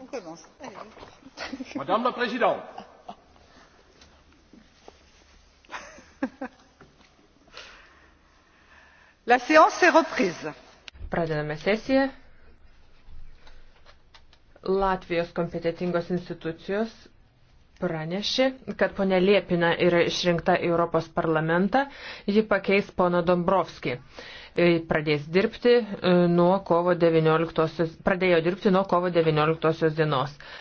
On commence. Allez. Madame la Présidente. La séance est reprise. Pradedame sesiją. Latvijos kompetitingos institucijos pranešė, kad ponė Liepina yra išrinkta į Europos parlamentą, ji pakeis pono Dombrovskį. Pradės dirbti e, nuo kovo 19, pradėjo dirbti nuo kovo 19 dienos.